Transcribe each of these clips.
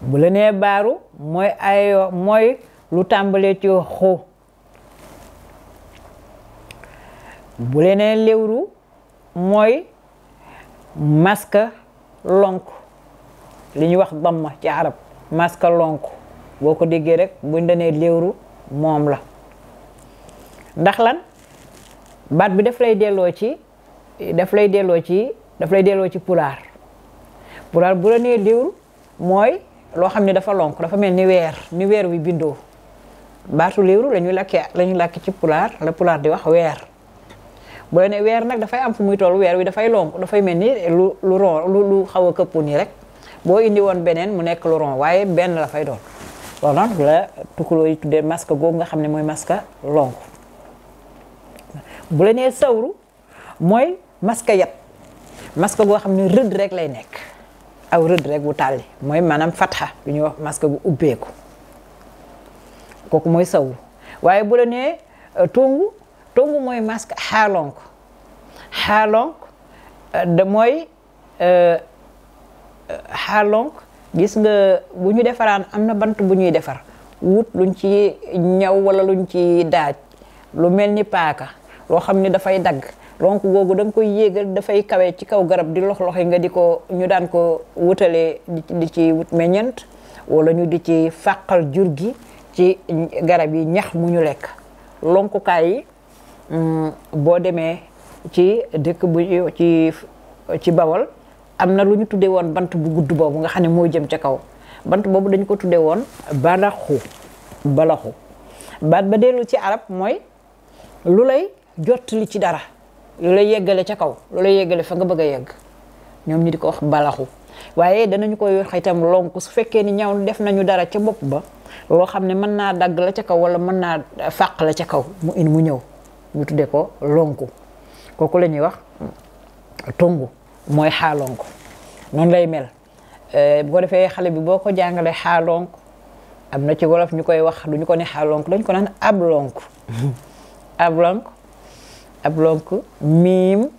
bu la baaru mooy ay mooy lu tàmbalee ci xu bu la nee léwru mooy maska lonk li ñuy wax damma ci arab maska lonk boo ko déggee rek bu buñ danee léwru moom la ndax lan baat bi daf lay delloo ci daf lay delloo ci daf lay delloo ci pulaar bu la nee mooy loo xam ne dafa lonk dafa mel ni weer ni weer wi bindoo baatu liiru lañuy lakk lañuy lakk ci pulaar la pulaar di wax weer boo ne weer nag dafay am fu muy toll weer wi dafay lonk dafay mel ni lu lu ron lu lu xaw a këppu nii rek boo indi woon beneen mu nekk lu ron waaye benn la fay doon loolu nag la tukkuloo yi tuddee masque googu nga xam ne mooy maska lonk bu la nee sawru mooy masque yat masque goo xam ne rëdd rek lay nekk aw rëdd rek bu tàlli mooy maanaam fatxa bu ñuy wax masque bu ubbeeku kooku mooy sawu waaye bu la nee euh, tongu tongu mooy masque xaalonk xaalonk euh, da mooy xaalonk euh, gis nga bu ñu defaraan am na bant bu ñuy defar wut luñ ci ñaw wala luñ ci daaj lu mel ni paaka loo xam ni dafay dagg donc googu da koy yéegal dafay kawe ci kaw garab di lox loxi nga di ko ñu daan ko wutalee di ci wut meññeent wala ñu di ci fàqal jur gi ci garab yi ñax mu ñu lekk lonkukaay yi mm, boo demee ci dëkk bu ci ci bawal am na lu ñu tuddee woon bant bu gudd boobu nga xam ne mooy jëm ca kaw bant boobu dañ ko tuddee woon balaxu balaxu baat ba dellu ci arab mooy lu lay jot ci dara lu lay yeggale ca kaw lu lay yeggale fa nga bëgg a yegg ñoom ñu di ko wax balaxu waaye danañu koy wax itam lonk su fekkee ni ñaw def nañu dara ca bopp ba loo xam ne mën naa dagg la ca kaw wala mën naa fàq la ca kaw mu in mu ñëw ñu tuddee ko lonku kooku la ñuy wax tungu mooy xaalonk noonu lay mel eh, bu ko defee xale bi boo ko jàngalee xaalonk am na ci wolof ñu koy wax du ñu ko ne xaalonk dañ ko naan ablonk ablonk ablonk miim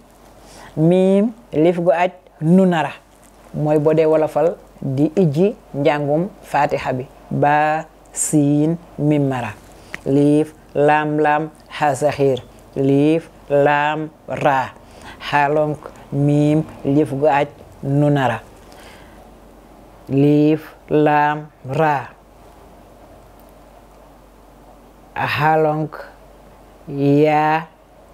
nu nara mooy boo wolofal di ijji njàngum fatiha bi ba siin mim mara liif laam laam xa saxiir miim liif gu aj nu nara liif laam raa xaalonk yaa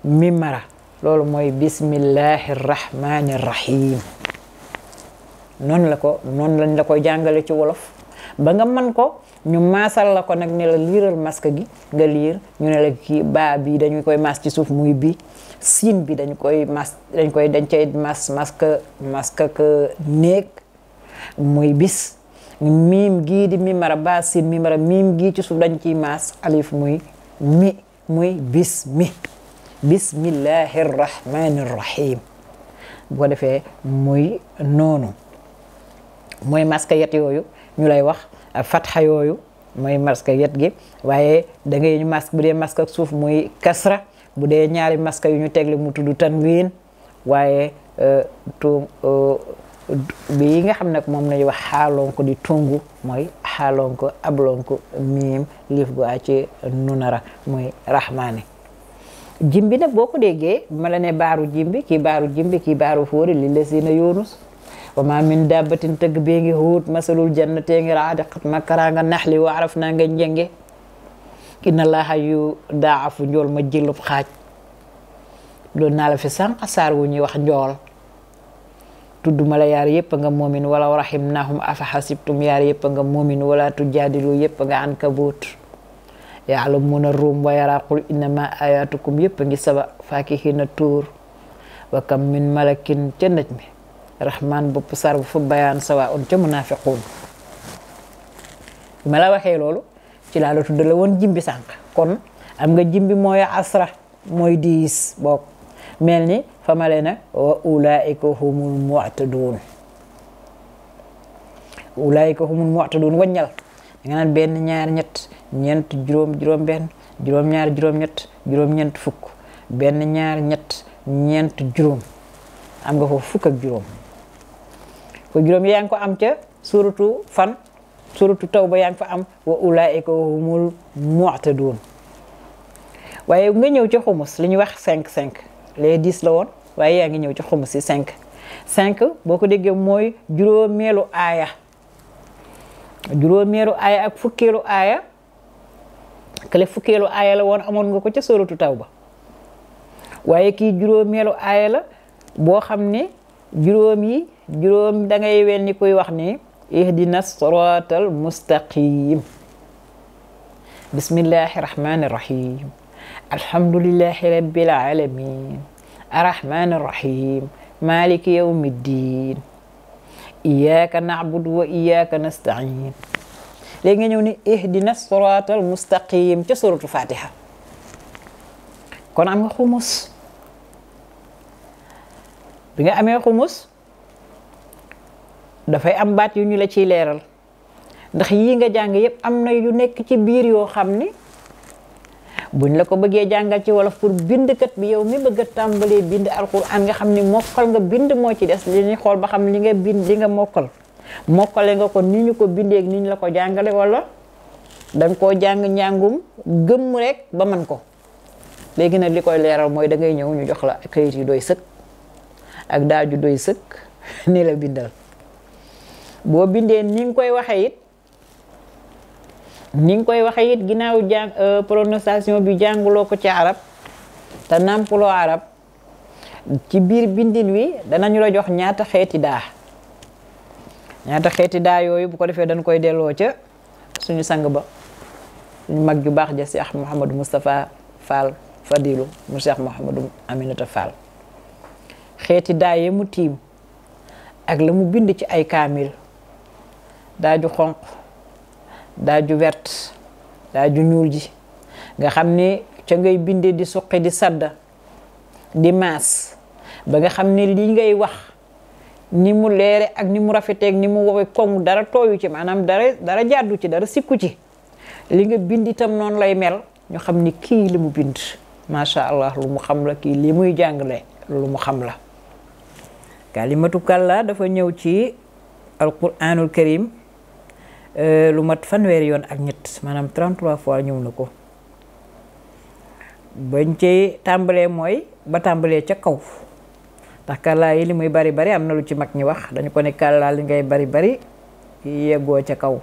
mimara loolu mooy bismillahi rahmani rahim noonu la ko noonu lañ la koy jàngale ci wolof ba nga man ko ñu maasal la ko nag ne la liiral masque gi nga liir ñu nela la kii baa bi dañu koy maas ci suuf muy bi siin bi dañ koy mas dañ koy dañ cay mas masque masque néeg muy bis miim gii di mimara ba siin mimara miim gii ci suuf dañ ci maas alif muy mi muy bis mi bismillahi rahmani rahim bu ko defee muy noonu mooy maska yet yooyu ñu lay wax fatxa yooyu mooy maska yet gi waaye da ngay masque bu dee masque ak suuf muy kasra bu dee ñaari maska yu ñu tegle mu tudd tanwiin waaye euh, euh, bi yi nga xam nag moom lañuy wax xaalonko di tungu mooy xaalonko ablonko miim liif gu a nunara muy rahmaani jimbi nag boo ko déggee ma la ne baaru jimbi kii baaru jimbi kii baaru fóori li la siina yoonus wa ma min dabbatin tëgg bee ngi huut masalul jannatee ngi raadiqat makkaraa nga naxli wa araf naa nga njenge inna laaha yu daafu njool ma jëlub xaaj doon naa fi sànq saar wu ñuy wax njool tudd ma yaar yëpp nga moomin wala rahim nahum afa xasibtum yaar yëpp nga moomin wala tujaadilu yëpp nga an kabuut yaalamuuna ruum wa yaraqul innama ayatukum yëpp ngi saba faakihina tuur wa kam min malakin ca naj mi rahman bopp sar bu bayaan sawa on ca munafiquun bi ma la ci laa tuddale woon jimbi sànq kon am nga jimbi mooy asra mooy diis boog mel ni fa ma leen wa ulaika humul mu'tadun ulaika humul mu'tadun waññal da naan benn ñaar ñett ñeent juróom juróom benn juróom ñaar juróom ñett juróom ñeent fukk benn ñaar ñett ñeent juróom am nga foofu fukk juróom ko juróom yaa ngi ko am ca suratu fan suratu tawba yaa ngi fa am wa ulaa'ika humul mu'taduun waaye ñëw ci xumus li ñuy wax cinq cinq les dix la woon waaye yaa ngi ñëw ci xumus cinq cinq boo ko déggee mooy juróomeelu aaya juróomeelu aaya ak fukkeelu aaya kële fukkeelu aaya la woon amoon nga ko ca sóoratu Tawba waaye kii juróomeelu aaya la boo xam ne juróom yi juróom da ngay wel ni kuy wax ni ihdina siraatal mustaqim bismillahi rahmani rahim alhamdulillahi rabbil alamin arrahmani rahim maliki yawmiddin iyyaka na'budu wa iyyaka nasta'in léegi nga ñëw ni ihdina siraatal mustaqim ca suratu fatiha kon am nga xumus bi nga amee xumus dafay am baat yu ñu la ciy leeral ndax yii nga jàng yépp am na yu nekk ci biir yoo xam ni buñ la ko bëggee jàngal ci wolof pour bindkat bi yow mi bëgg a tàmbalee bind alquran nga xam ni mokkal nga bind moo ci des li ñuy xool ba xam li nga bind li nga mokkal mokkale nga ko ni ñu ko bindee ak la ko jàngale wala danga koo jàng njàngum gëmm ba man ko léegi nag li koy leeral mooy da ngay ñëw ñu jox la kayit yi doy sëkk ak daaju doy sëkk ni la bindal boo bindee ni koy waxee it ni nga koy waxee it ginnaaw jàng euh, prononciation bi jànguloo ko ci arab te nàmpuloo arab ci biir bindin wi danañu la jox ñaata xeeti daa ñaata xeeti daa yooyu bu ko defee dañ koy delloo ca suñu sang ba suñu mag ju baax ja Cheikh Mouhamadou Moustapha Fall Fadilu mu Cheikh Mouhamadou Aminata Fall xeeti daa yi mu tiim ak la mu bind ci ay kaamil daa ju xonq daaju wert daa ju ñuul ji nga xam ni ca ngay bindee di suqi di sadda di maas ba nga xam ne li ngay wax ni mu leere ak ni mu rafeteeg ni mu wowe koŋ dara tooyu ci maanaam dara dara jàddu ci dara sikku ci li nga bind itam noonu lay mel ñu xam ni kii li mu bind macha allah lu mu xam la kii li muy jàngale lu mu xam la kalimatu kàlla dafa ñëw ci alquranul karim Euh, lu mat fanweeri yoon ak ñett maanaam 33 fois ñëw na ko bañ ci tàmbalee mooy ba tàmbalee ca kaw ndax kàllaa yi li muy bari bari am na lu ci mag ñi wax dañu ko ne kàllaa li ngay bari bari yeggoo ca kaw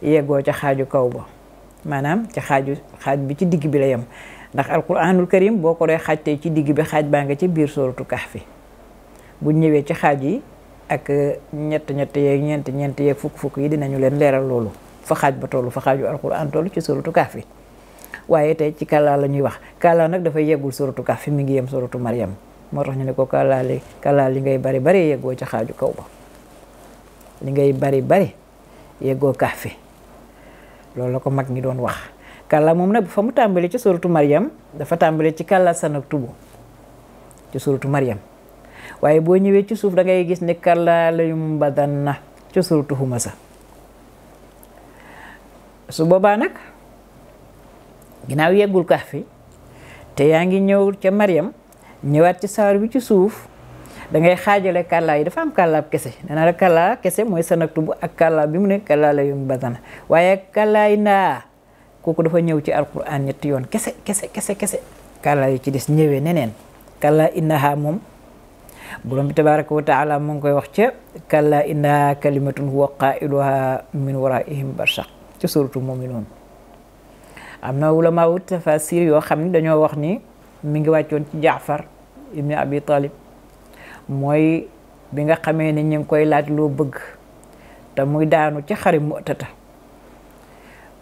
yeggoo ca xaaju kaw ba maanaam ci xaaju xaaj bi ci digg bi la yem ndax alquranul karim boo ko dee xaaj tey ci digg bi xaaj baa ngi ci biir sóoratu kahfi bu ñëwee ci xaaj yi ak ñett ñett yeeg ñeent ñeent yeeg fukk fukk yi dinañu leen leeral loolu fa xaaj ba toll fa xaaju alquran toll ci suratu kaaf waaye tey ci kàllaa la ñuy wax kàllaa nag dafay yeggul suratu mi ngi yem suratu Maryam moo ñu ne ko kàllaa li li ngay bari bari yeggoo ci xaaju kaw ba li ngay bari bari yeggoo kaaf loolu la ko mag ñi doon wax kàllaa moom nag fa mu tàmbali ci suratu Maryam dafa tàmbali ci kàllaa sanaktubu ci suratu Maryam waaye boo ñëwee ci suuf dangay gis ni kallaa la yum badan na ca suratu Humasa su boobaa nag ginaaw yeggul kaaf te yaa ngi ñëw ca Mariam ñëwaat ci saar bi ci suuf dangay xaajale kàllaa yi dafa am kàllaab kese nee naa la kàllaa kese mooy sanaktu bu ak kàllaa bi mu ne kàllaa la badana waaye kàllaa yi kooku dafa ñëw ci alquran ñetti yoon kese kese kese kese kàllaa yi ci des ñëwee neneen kàllaa innaha moom borom bi tabaraka wa taala mu ngi koy wax ca kalla inna kalimatun huwa qailuha min waraihim barsaq ca suratu muminuun am na wula wu tafasir yoo xam ne dañoo wax ni mi ngi wàccoon ci jaafar ibni abi talib mooy bi nga xamee ni ñu ngi koy laaj loo bëgg te muy daanu ci xari mu ëttata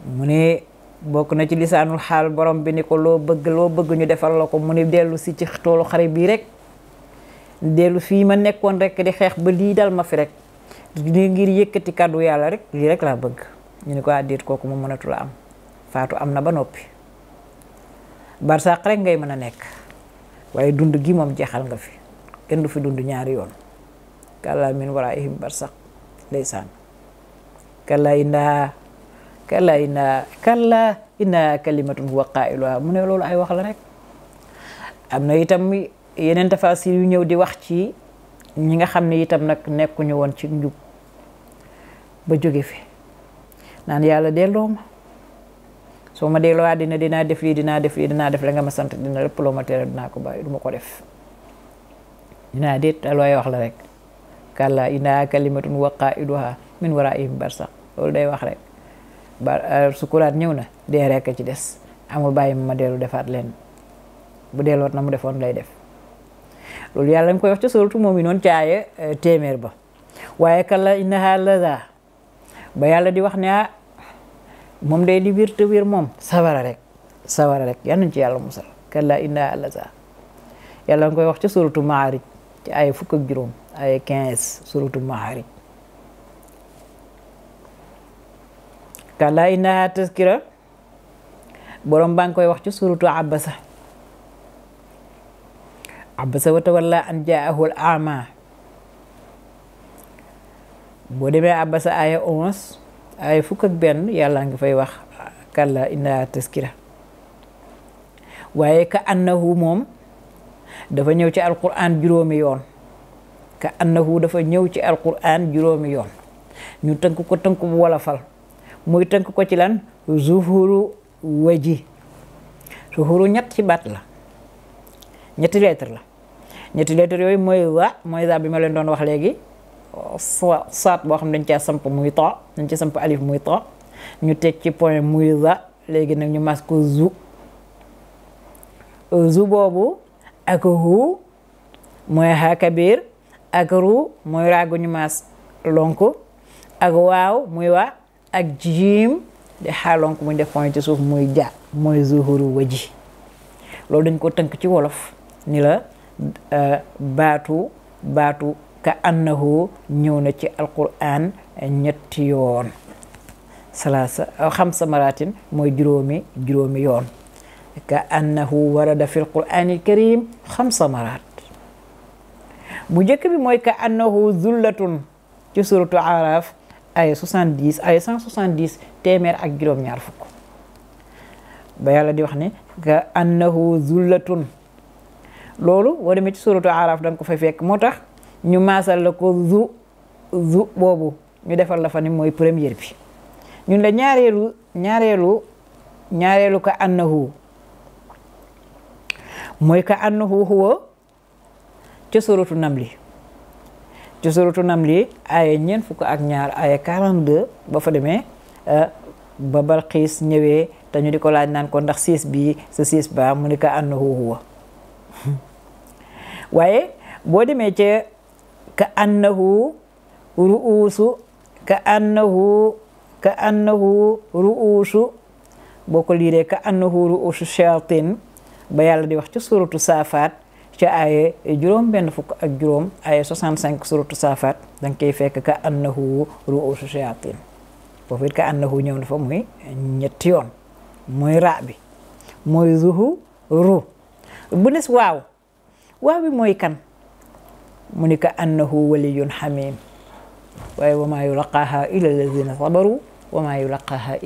mu ne bokk na ci lisaanul xaal borom bi ni ko loo bëgg bëgg ñu defal la ko mu ne dellu si ci toolu xare bii rek dellu fii ma nekkoon rek di xeex ba lii dal ma fi rek ngir yëkkati kàddu yàlla rek lii rek laa bëgg ñu ni ko àddiit ah, kooku mu mënatul am faatu am na ba noppi barsàq rek ngay mën a nekk waaye dund gi moom jeexal nga fi kenn du fi dund ñaari yoon kàllaa min waraihim barsàq ndeysaan kàllaa inna kàllaa inna kàllaa inna kalimatun huwa qailuha mu ne loolu ay wax la rek am na itam yeneen tafaasir yu ñëw di wax ci ñi nga xam ne itam nag nekkuñu woon ci njub ba jóge fi naan yàlla delloo ma soo ma delloo àddina dinaa def lii dinaa def lii dinaa def la nga ma sant dina lépp loo ma tere dinaa ko bàyyi du ma ko def dinaa déet looy wax la rek kàlla inaa kalimatun waqaa'iduhaa min waraa'ihim loolu day wax rek ba euh, sukuraat ñëw na dee rekk ci des amul bàyyi ma ma dellu defaat leen bu delloot na mu defoon lay def loolu yàlla nga koy wax ca suratu mu'minuun caaya eh, téeméer ba waaye kalla innahaa lazaa ba yàlla di wax ne ah moom day di biir te biir moom sawara rek sawara rek yal ci yàlla musal kalla innahaa lazaa yàlla nga koy wax ca suratu maarij ci ay fukk ak juróom ay quinze suratu maarij kalla innahaa tazkira ngi koy wax ci suratu abasa abasa watawalla an jaahu al ama boo demee abasa aaya onze aaya fukk ak benn yàlla nga fay wax kàlla inna taskira waaye ka annahu moom dafa ñëw ci alquran juróomi yoon ka annahu dafa ñëw ci alquran juróomi yoon ñu tënk ko tënk bu wolofal muy tënk ko ci lan zuhuru waji zuhuru ñett ci baat ñetti lettre la ñetti lettre yooyu mooy wa mooy za bi ma leen doon wax léegi soit boo xam dañ caa samp muy to dañ ca samp alif muy to ñu teg ci point muy za léegi nag ñu masko ko zu zu boobu ak hu mooy ha ak ru mooy raagu ñu mas lonk ak waaw mooy wa ak jiim di xaalonk mu def point ci suuf muy ja mooy zuhuru waji loolu dañ ko tënk ci wolof ni la baatu baatu ka annahu ñëw na ci alquran ñetti yoon xamsa maratin mooy juróomi juróomi yoon ka annahu warada fi alqur'ani alkarim xamsa marat bu njëkk bi mooy ka annahu zullatun ci suratu araf ay 70 ay 170 téeméer ak juróom-ñaar fukk ba yàlla di wax ne ka annahu zullatun loolu boo demee ci suratu araf da ko fay fekk moo tax ñu maasal la ko zu zu boobu ñu defal la fa ni mooy première bi ñun la ñaareelu ñaareelu ñaareelu ka annahu mooy ka annahu huwa ci nam namli ci suratu namli aaya ñeent fukk ak ñaar aaya 42 ba fa demee euh, ba Balxiis ñëwee te ñu di ko laaj naan ko ndax siis bi sa siis ba mu ne ka annahu huwa waaye boo demee ca ka annahu ru'uusu ka annahu ka annahu ru'uusu boo ko liiree ka annahu ru'uusu shayatin ba yàlla di wax ci suratu saafaat ci aaye juróom benn fukk ak juróom aaye 65 suratu saafaat danga koy fekk ka annahu ru'uusu shayatin foofu it ka annahu ñëw na fa muy ñetti yoon mooy ra bi mooy zuhu bu des waaw waaw bi mooy kan mu ni ka annahu waliyun xamim waaye wa maa yulaqaaha illa alladina sabaru wa maa yulaqaaha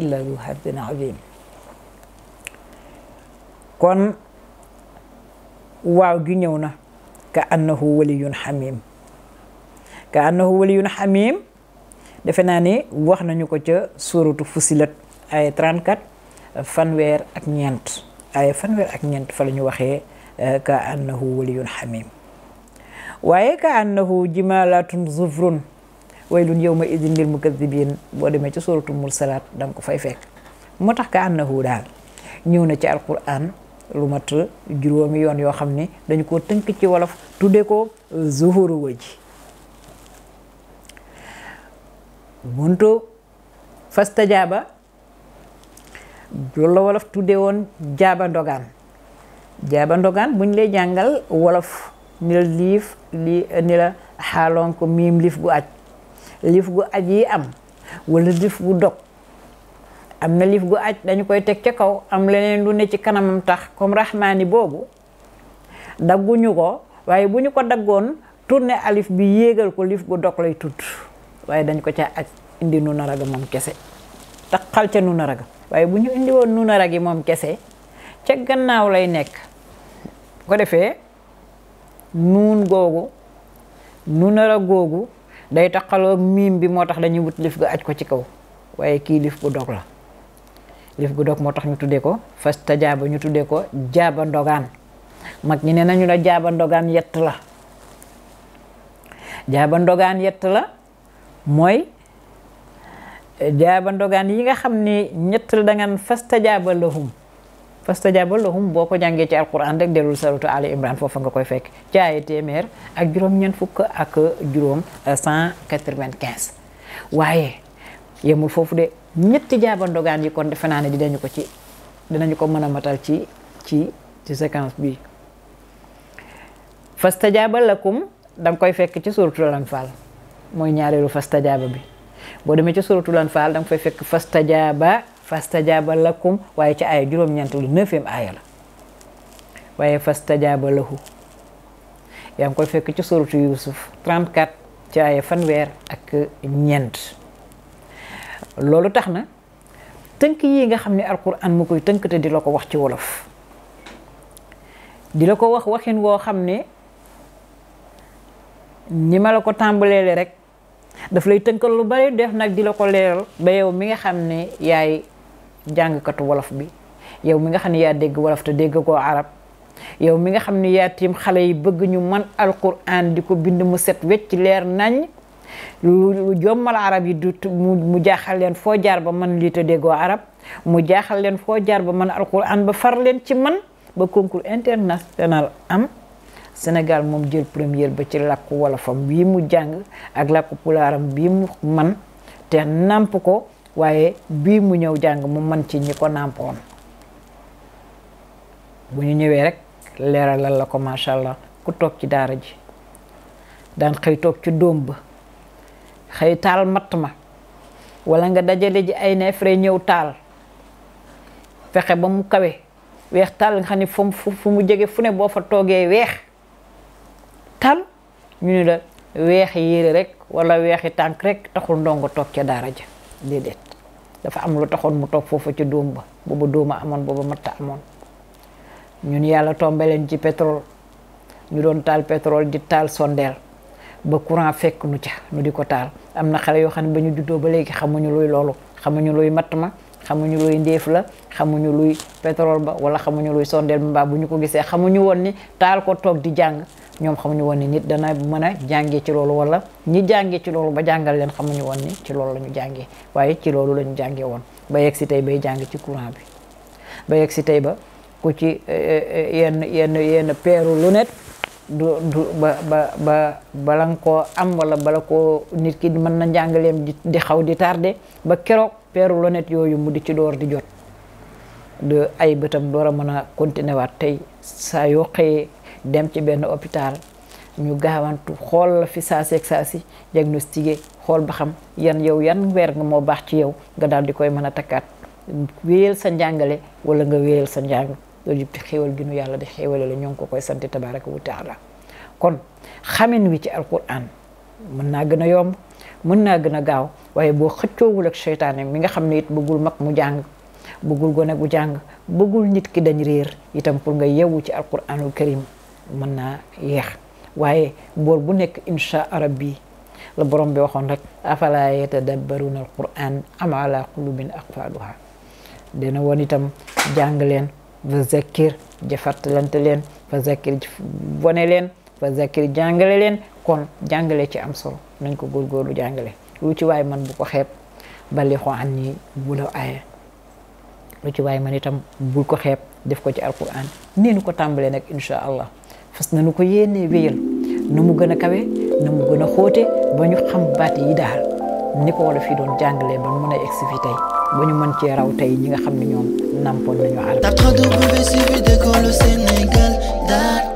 kon waaw gi ñëw na ka annahu waliyun xamim ka annahu waliyun xamim defe naa ni wax nañu ko ca suuratu fusilat ay 34 fanweer ak ñeent ay fanweer ak ñeent fa la ñu waxee Eh, ka annahu waliyun hamim waaye ka annahu jimalatun zufrun waylun yawma idin lil mukadibin boo demee ci suratul mursalat da ko fay fekk moo tax ka annahu daal ñëw na ci alquran lu mat juróomi yoon yoo xam ne dañu ko tënk ci wolof tudde ko zuhuru waji buntu fastajaaba loolu la wolof tudde woon jaaba ndogaan jaaba ndogaan ñu lay jàngal wolof ni la liif li ni la xaaloon ko miim liif gu aj liif gu aj yi am wala liif gu dog am na liif gu aj dañu koy teg ca kaw am leneen lu ne ci kanamam tax comme rahmaani boobu dagguñu ko waaye bu ñu ko daggoon turne alif bi yéegal ko liif gu dog lay tudd waaye dañ ko ca aj indi nu naraga moom kese taxal ca nu naraga waaye bu ñu indi woon nu naragi moom kese ca gannaaw lay nekk ko defee nuun googu nunara googu day taqaloo miim bi moo tax dañuy wut lif ga aj ko ci kaw waaye kii lif gu dog la lif gu dog moo tax ñu tuddee ko fasta jaaba ñu tuddee ko jaaba ndogaan mag ñi ne nañu la jaaba ndogaan yett la jaaba ndogaan yett la mooy jaaba ndogaan yi nga xam ni ñett la dangan fasta jaaba lahum fastajaaba lahum boo ko jàngee ci alquran rek delul saratu ali imran foofa nga koy fekk ci ay téeméer ak juróom-ñeent fukk ak juróom waaye yemul foofu de ñetti jaaba ndogaan yi kon defe naa ne dinañu ko ci dinañu ko mën a matal ci ci ci séquence bi fastajaaba lakum da nga koy fekk ci suratul anfal mooy ñaareelu fastajaaba bi boo demee ci suratul anfal da nga koy fekk fastajaaba fastajaaba lakum waaye ci aaya juróom-ñeent lu neuvième aaya la waaye fastajaaba lahu yaa ngi koy fekk ci suratu Yuusuf 34 ci aaya fanweer ak ñeent loolu tax na tënk yi nga xam ne alquran mu koy tënk te di la ko wax ci wolof di la ko wax waxin woo xam ne ñi ma la ko tàmbalee rek daf lay tënkal lu bari def nag di la ko leeral ba yow mi nga xam ne yaay jàngkatu wolof bi yow mi nga xam ne yaa dégg wolof te dégg koo arab yow mi nga xam ni yaa tiim xale yi bëgg ñu man alquran di ko bind mu set wecc leer nañ lu jommal arab yi du mu jaaxal leen foo jaar ba man lii te arab mu jaaxal leen foo jaar ba man alquran ba far leen ci man ba concours international am Sénégal moom jël première ba ci làkku wolofam bii mu jàng ak làkku pulaaram bii mu man te namp ko waaye bii mu ñëw jàng mu man ci ñi ko nàmpoon bu ñu ñëwee rek leeralal la ko macha allah ku toog ci daara ji daan xëy toog ci dóom ba xëy taal matt ma wala nga dajale ji ay neefere ñëw taal fexe ba mu kawe weex taal nga xam ne fu mu jege fu ne boo fa toogee weex taal ñu ne la weexi yére rek wala weexi tànk rek taxul ndongo toog ca daara ji déedéet dafa am lu taxoon mu toog foofu ca dóom ba booba dóoma amoon booba matta amoon ñun yàlla tombé leen ci pétrole ñu doon taal pétrole ji taal sondeel ba courant fekk nu ca nu di ko taal am na xale yoo xam ne ba ñu juddoo ba léegi xamuñu luy loolu xamuñu luy matt ma xamuñu luy ndéef la xamuñu luy pétrole ba wala xamuñu luy sondeel mbaam bu ñu ko gisee xamuñu woon ni taal ko toog di jàng ñoom xamuñu woon ni nit dana mën a jàngee ci loolu wala ñi jàngee ci loolu ba jàngal leen xamuñu woon ni ci loolu la ñu jàngee waaye ci loolu la ñu jàngee woon ba yegg si tey bay jàng ci courant bi ba yegg si tey ba ku ci eh, eh, eh, yenn yenn yenn peeru lunette du ba ba ba bala koo am wala bala koo nit ki mën na njàngaleem di di xaw di tardé ba keroog peeru lonet yooyu mu di ci door di jot de ay bëtam door a mën a continuer waat tey saa yoo xëyee dem ci benn hôpital ñu gaawantu xool la fi saa seeg saa si diagnostiqué xool ba xam yan yow yan weer nga moo baax ci yow nga daal di koy mën a takkaat wéyal sa njàngale wala nga wéyal sa njàng loolu yëpp ci xéewal gi nu yàlla di xéewale la ñoo ngi ko koy sant tabaraka wa taala kon xamin wi ci alquran mën naa gën a yomb mën naa gën a gaaw waaye boo xëccoowul ak seytaane mi nga xam ne it bëggul mag mu jàng bëggul gone gu jàng bëggul nit ki dañ réer itam pour nga yewu ci al alquranul karim mën naa yeex waaye bool bu nekk insha rabbi la borom bi waxoon rek afala yatadabbaruna alquran am ala qulubin aqfaluha dina woon itam jàng leen fa zakkir jafartalante leen fa zakkir wone leen fa zakkir jàngale leen kon jàngale ci am solo nañ ko góorgóorlu jàngale lu ci waay man bu ko xeeb bali xoo an nii bu aye lu ci waay man itam bul ko xeep def ko ci alquran nii nu ko tàmbalee nag incha allah fas na nu ko yéenee wéyal nu mu gën a kawe nu mu gën a xóote ba ñu xam baat yi daal ni ko wolof yi doon jàngalee ba mën a egsi fi tey ba ñu mën cee raw tey ñi nga xam ne ñoom nampoon nañu arab